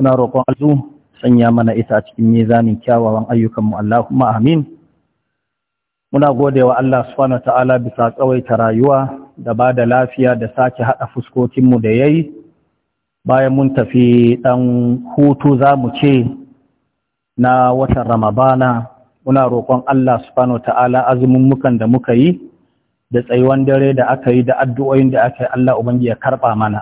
muna roƙon alzu sanya mana ita a cikin mizanin kyawawan ayyukanmu Allahumma amin muna gode wa Allah subhanahu ta'ala bisa tsawaita rayuwa da ba da lafiya da sake haɗa fuskokinmu da yayi bayan mun tafi ɗan hutu za mu ce na watan ramabana muna roƙon Allah subhanahu ta'ala azumin mukan da muka yi da tsayuwan dare da aka yi da addu'o'in da aka yi Allah ubangi ya karɓa mana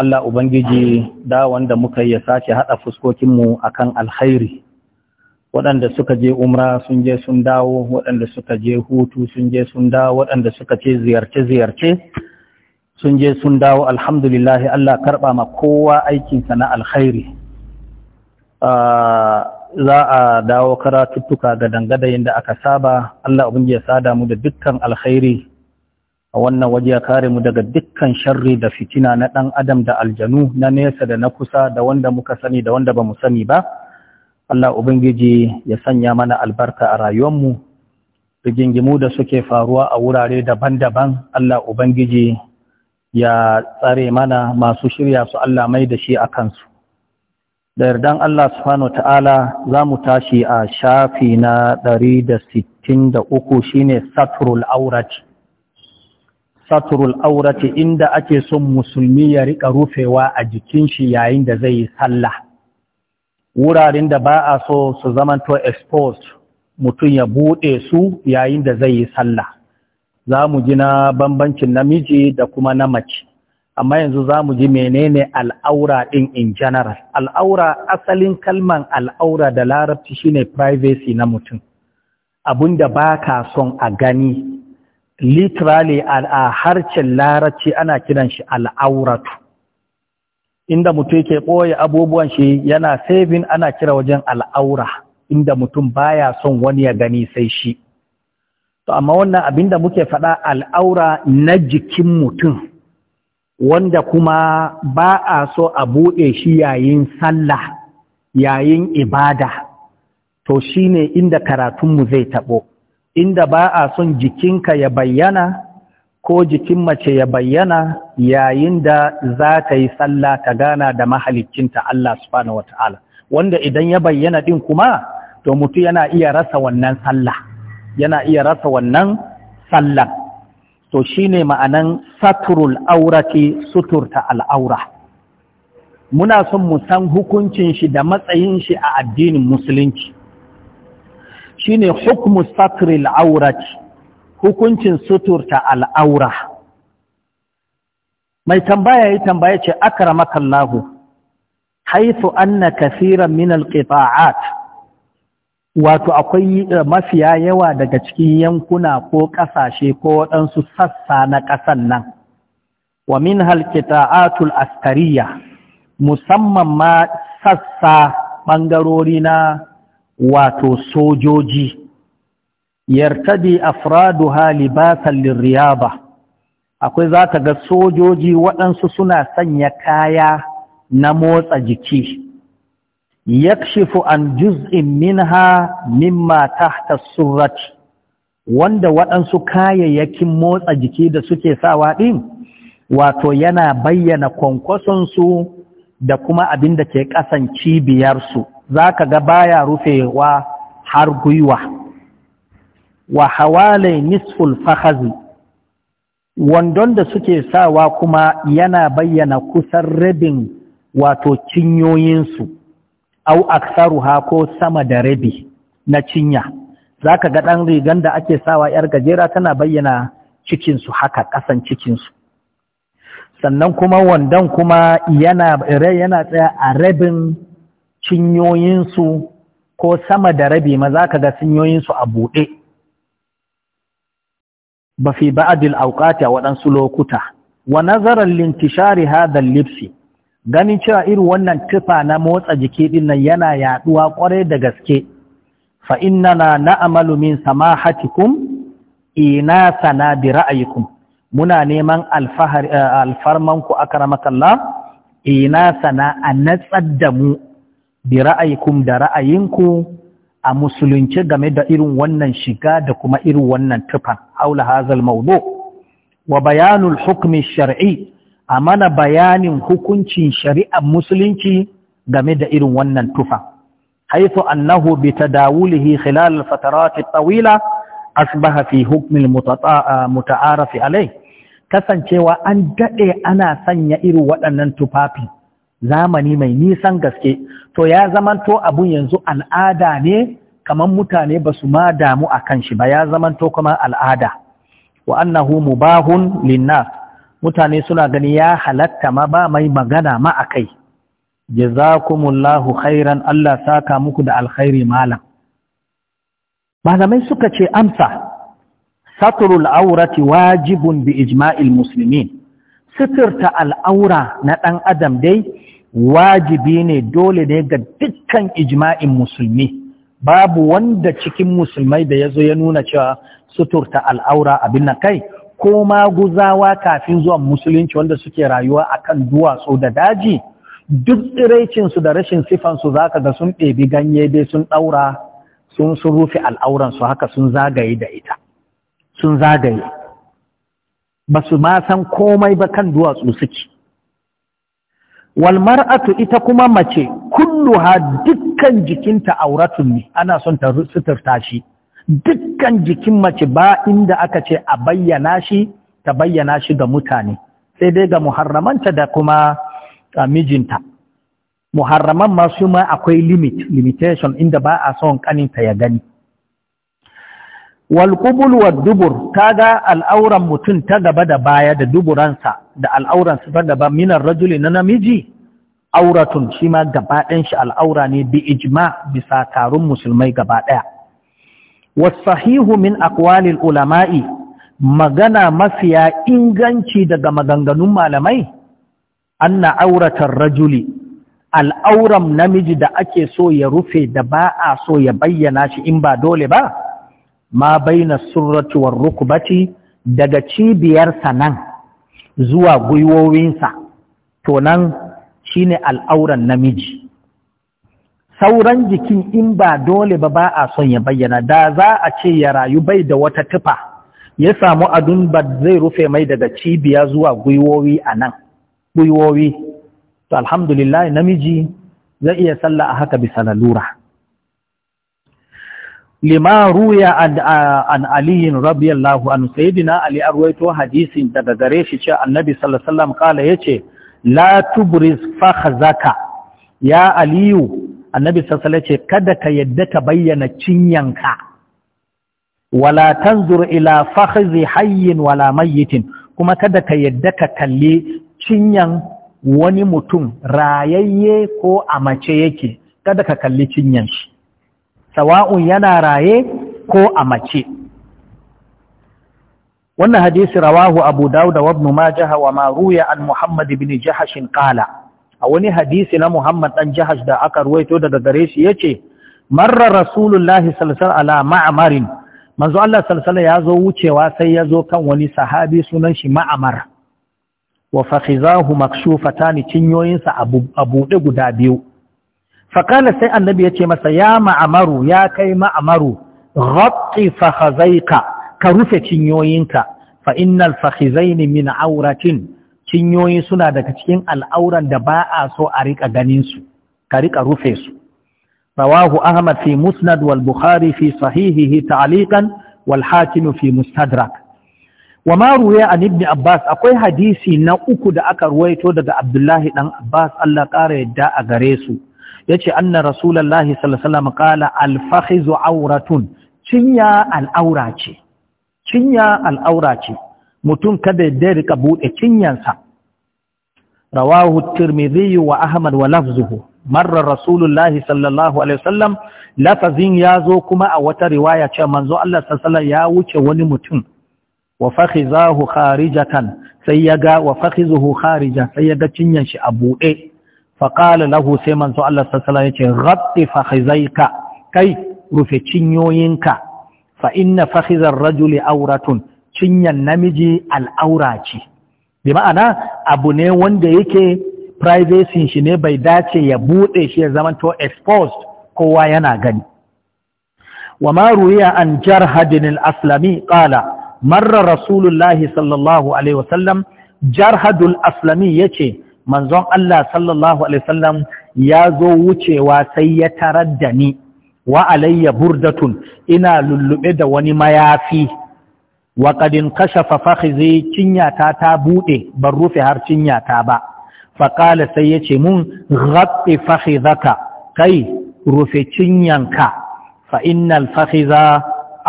Allah Ubangiji da wanda muka yi sace haɗa fuskokinmu a kan alkhairi, waɗanda suka je umra sun je sun dawo, waɗanda suka je hutu sun je sun dawo, waɗanda suka ce ziyarce-ziyarce sun je sun dawo, alhamdulillahi Allah karɓa ma kowa aikinsa na alkhairi. Ah, za a dawo karatuttuka ga dangadayin da aka saba, Allah Ubangiji ya sada mu da dukkan alkhairi. a wannan waje ya kare mu daga dukkan sharri da fitina na ɗan adam da aljanu na nesa da na kusa da wanda muka sani da wanda ba mu sani ba Allah Ubangiji ya sanya mana albarka a rayuwarmu rigingimu da suke faruwa a wurare daban-daban Allah Ubangiji ya tsare mana masu shirya su Allah mai da shi a kansu da yardan Allah subhanahu ta'ala za mu tashi a shafi na 163 shine satrul aurati saturul aurati inda ake son musulmi ya riƙa rufewa a jikin shi yayin da zai yi sallah wuraren da ba a so su zamanto exposed mutum ya buɗe su yayin da zai yi sallah za mu ji na bambancin namiji da kuma na mace amma yanzu za mu ji menene al'aura ɗin in general al'aura asalin kalman al'aura da larabci shine privacy na mutum abinda ba ka son a gani literally a harcen larabci ana kiran shi al'auratu inda mutum yake ɓoye abubuwan shi yana saving ana kira wajen al'aura inda mutum baya son wani ya gani sai shi to amma wannan da muke faɗa al'aura na jikin mutum wanda kuma ba a so a buɗe shi yayin sallah yayin ibada to shine inda karatunmu zai taɓo inda ba a son jikinka ya bayyana ko jikin mace ya bayyana yayin da za ta yi sallah ta gana da mahalicinta Allah subhanahu ta'ala wanda idan ya bayyana ɗin kuma to mutu yana iya rasa wannan sallah yana iya rasa wannan sallah to shine ma'anan saturul aurati suturta al'aura muna son mu san hukuncin shi da matsayin shi a addinin musulunci ne hukmu satril aurat hukuncin suturta al'aura mai tambaya yi tambaya ce akramaka Allah haythu anna kafiran min alqita'at wato akwai eh, mafiya yawa daga cikin yankuna ko ƙasashe ko waɗansu sassa na ƙasan nan wa min halqita'atul askariya musamman ma sassa ɓangarori na wato sojoji yartadi afraduha libasan liriyaba akwai za ga sojoji waɗansu suna sanya kaya na motsa jiki yakshifu an juz'in minha mimma tahta surrati wanda waɗansu kayayyakin motsa jiki da suke sawa ɗin wato yana bayyana kwankwason su da kuma abin da ke ƙasan cibiyarsu za ka ga baya rufewa har gwiwa wa hawale nisful fahazi wandon da suke sawa kuma yana bayyana kusan rabin wato cinyoyinsu au aksaruha ko sama da rabi na cinya za ka ga ɗan rigan da ake sawa 'yar gajera tana bayyana cikinsu haka ƙasan cikinsu sannan kuma wandon kuma yana tsaya a rabin cinyoyinsu ko sama da rabi ma za ka ga cinyoyinsu a buɗe ba fi ba'adil auƙati a waɗansu lokuta wa nazarar lintishari hadal lipsi ganin cewa irin wannan tufa na motsa jiki nan yana yaɗuwa ƙwarai da gaske fa innana na'amalu min samahatikum ina sana bi ra'ayikum muna neman eh, alfarmanku akramaka Allah ina sana a natsar da mu bi ra'ayikum da ra'ayinku a musulunci game da irin wannan shiga da kuma irin wannan tufan haula hazal maudu wa bayanul hukmi shar'i a mana bayanin hukuncin shari'ar musulunci game da irin wannan tufa haifu annahu bi tadawulihi khilal al-fatarat at-tawila asbaha fi hukmi al-muta'arif kasancewa an dade ana sanya irin waɗannan tufafi zamani mai nisan gaske to ya zamanto abun yanzu al'ada ne kamar mutane ba su ma damu a kan shi ba ya zamanto kamar al'ada wa annahu mubahun linnas mutane suna gani ya halatta ma ba mai magana ma a kai jazakumullahu khairan Allah saka muku da alkhairi malam malamai suka ce amsa saturul aurati wajibun bi ijma'il muslimin sitirta al'aura na ɗan adam dai wajibi ne dole ne ga dukkan ijma'in musulmi babu wanda cikin musulmai da ya zo ya nuna cewa suturta al'aura abin na kai ko ma guzawa kafin zuwan musulunci wanda suke rayuwa akan duwatsu da daji duk tsiraicinsu da rashin sifansu za ka ga sun ɗebi ganye dai sun ɗaura sun sun rufe al'auransu haka sun zagaye da ita sun zagaye ba su ma san komai ba kan duwatsu suke walmar'atu ita kuma mace kullu ha dukkan jikinta auratun ne ana son ta suturta shi dukkan jikin mace ba inda aka ce a bayyana shi ta bayyana shi ga mutane sai dai ga muharramanta da kuma mijinta muharraman masu ma akwai limit limitation inda ba a son kaninta ya gani walƙubul wa dubur ga al'auran mutum ta gaba da baya da duburansa da al'auran su ta gaba minar rajuli na namiji auratun shi ma gaba shi al'aura ne bi ijma bisa taron musulmai gabaɗaya. wasahihu min akwalil ulama'i magana mafiya inganci daga maganganun malamai anna auratar rajuli al'auran namiji da ake so ya rufe da ba a so ya bayyana shi in ba dole ba ma baina surrati war rukbati daga cibiyarsa nan zuwa gwiwowinsa to nan shine al'auran namiji sauran jikin in ba dole ba ba a son ya bayyana da za a ce ya rayu bai da wata tufa ya samu adun ba zai rufe mai daga cibiya zuwa gwiwowi a nan guyowi to alhamdulillah namiji zai iya sallah a haka bisa lalura lima ruya an aliyin lahu an sayidina ali arwaito hadisin daga gare shi ce annabi sallasallam alaihi ya ce, yace la tubris fakhzaka ya aliyu annabi sassale ce kada ka yadda ka bayyana cinyanka wala tanzur ila fakhzi hayyin wala mayyitin kuma kada ka yadda ka kalli cinyan wani mutum rayayye ko a mace yake kada ka kalli cinyan shi sawa'un yana raye ko a mace wannan hadisi rawahu abu dawud wa ibn majah wa ma ruya an muhammad ibn jahash qala a wani hadisi na muhammad dan jahash da aka ruwaito daga gare shi yace marra rasulullahi sallallahu alaihi ala ma'amarin manzo Allah sallallahu ya zo wucewa sai ya zo kan wani sahabi sunan shi ma'mar wa fakhizahu makshufatan cinyoyinsa abu abude guda biyu fakala sai annabi ya ce masa ya ma'amaru ya kai ma'amaru ghatti fahazaika ka rufe cinyoyinka fa innal fahizaini min auratin cinyoyi suna daga cikin al'auran da ba a so a riƙa ganin su ka rika rufe su rawahu ahmad fi musnad wal bukhari fi sahihihi ta'liqan wal hakim fi mustadrak wa ma ruya an ibn abbas akwai hadisi na uku da aka ruwaito daga abdullahi dan abbas Allah ƙara yadda a gare su yace anna rasulullahi sallallahu alaihi wasallam qala auratun cinya al'aura ce cinya al'aura ce mutum kada ya rika buɗe cinyansa rawahu tirmidhi wa ahmad wa lafzuhu marar rasulullahi sallallahu alaihi wasallam lafazin zo kuma a wata riwaya ce manzo Allah sallallahu ya wuce wani mutum wa fakhizahu kharijatan sai yaga wa fakhizuhu kharija sai yaga cinyan shi a buɗe. faƙala lahu sai manzo Allah sassala ya ce rabbi fahizaika kai rufe cinyoyinka fa inna fahizar rajuli auratun cinyan namiji al'aura ce bi ma'ana abu ne wanda yake privacy shi ne bai dace ya buɗe shi ya zamanto exposed kowa yana gani wa ma ruwiya an jarhadin al-aslami qala marra rasulullahi sallallahu alaihi wasallam jarhadul aslami yace manzon Allah sallallahu alaihi wasallam ya zo wucewa sai ya tarar da ni wa alayya burdatun ina lullube da wani mayafi wa qadin kashafa fakhizi cinyata ta bude ban rufe har cinyata ba fa qala sai yace mun ghatti fakhizaka kai rufe cinyanka fa innal fakhiza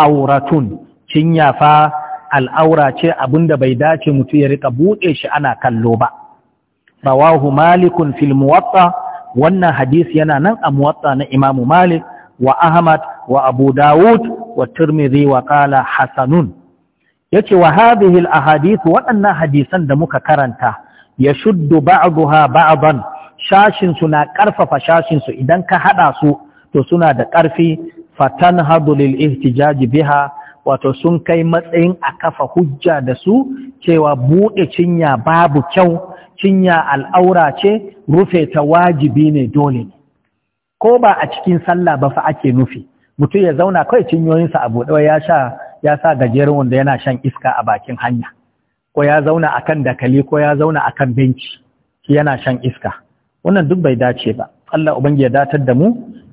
auratun cinya fa al'aura ce abinda bai dace mutum ya rika buɗe shi ana kallo ba rawahu malikun fil muwatta wannan hadisi yana nan a muwatta na imamu malik wa ahmad wa abu dawud wa tirmidhi wa qala hasanun yace wa hadhihi al ahadith waɗannan hadisan da muka karanta yashuddu ba'daha ba'dan shashin suna karfafa shashin su idan ka hada su to suna da karfi fatanhadu lil ihtijaji biha wato sun kai matsayin a kafa hujja da su cewa buɗe cinya babu kyau cinya al'aura ce rufe ta wajibi ne dole ne ko ba a cikin sallah ba fa ake nufi mutum ya zauna kawai cinyoyinsa a buɗe ya sha ya sa gajeren wanda yana shan iska a bakin hanya ko ya zauna akan dakali ko ya zauna akan benci shi yana shan iska wannan duk bai dace ba Allah ubangiya ya datar da mu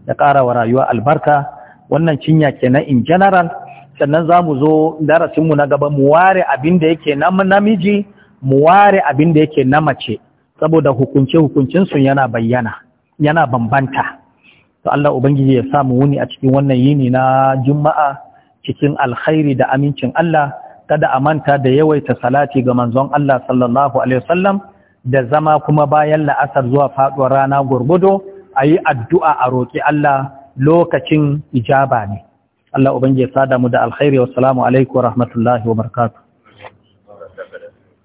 ya ƙara wa rayuwa albarka wannan cinya kenan in general sannan za mu zo darasinmu na gaba mu ware abin da yake namiji mu ware abin da yake na mace saboda hukunce hukuncinsu yana bayyana yana bambanta to Allah ubangiji ya samu wuni a cikin wannan yini na juma'a cikin alkhairi da amincin Allah kada a manta da yawaita salati ga manzon Allah sallallahu alaihi wasallam da zama kuma bayan la'asar zuwa faduwar rana gurgudo ayi addu'a a roki Allah lokacin ijaba ne Allah ubangiji ya sada mu da alkhairi wassalamu alaikum wa rahmatullahi wa barakatuh